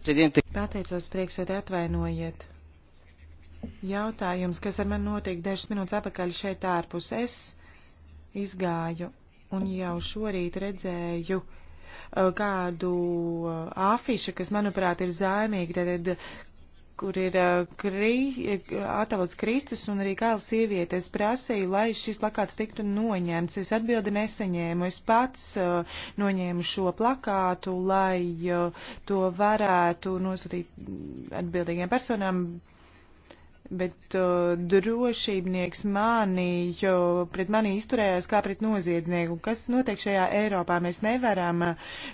Pateicos priekšsēdē atvainojiet. Jautājums, kas ar mani notiek dažas minūtes apakaļ šeit ārpus, es izgāju un jau šorīt redzēju uh, kādu uh, afišu, kas, manuprāt, ir zaimīgi, tad kur ir krī, attēlots Kristus un arī kāla sieviete. Es prasīju, lai šis plakāts tiktu noņemts. Es atbildi nesaņēmu. Es pats uh, noņēmu šo plakātu, lai uh, to varētu nosūtīt atbildīgiem personām bet uh, drošībnieks mani, jo pret mani izturējās kā pret noziedznieku. Kas notiek šajā Eiropā? Mēs nevaram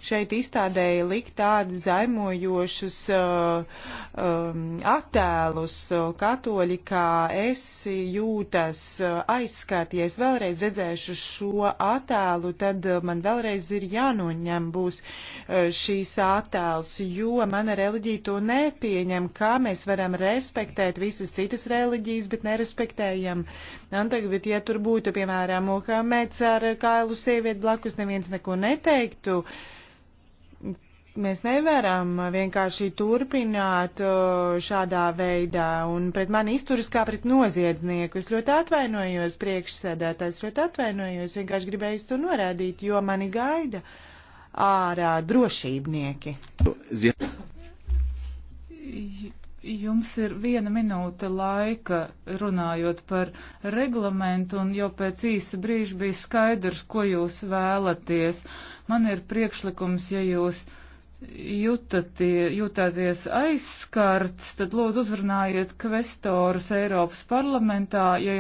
šeit izstādēji likt tādus zaimojošus uh, um, attēlus. Katoļi, kā es jūtas uh, aizskart, ja es vēlreiz redzēšu šo attēlu, tad man vēlreiz ir jānoņem būs uh, šīs attēls, jo mana reliģija to nepieņem, kā mēs varam respektēt visas citas reliģijas, bet nerespektējam. Un tagad, bet, ja tur būtu, piemēram, Muhameds ar kailu sievieti blakus, neviens neko neteiktu. Mēs nevaram vienkārši turpināt šādā veidā, un pret mani izturas kā pret noziedznieku. Es ļoti atvainojos priekšsēdētājs, ļoti atvainojos, vienkārši gribēju to norādīt, jo mani gaida ārā drošībnieki. Jums ir viena minūte laika runājot par reglamentu, un jau pēc īsa brīža bija skaidrs, ko jūs vēlaties. Man ir priekšlikums, ja jūs jutatie, jūtāties aizskarts, tad lūdzu uzrunājiet kvestorus Eiropas parlamentā, ja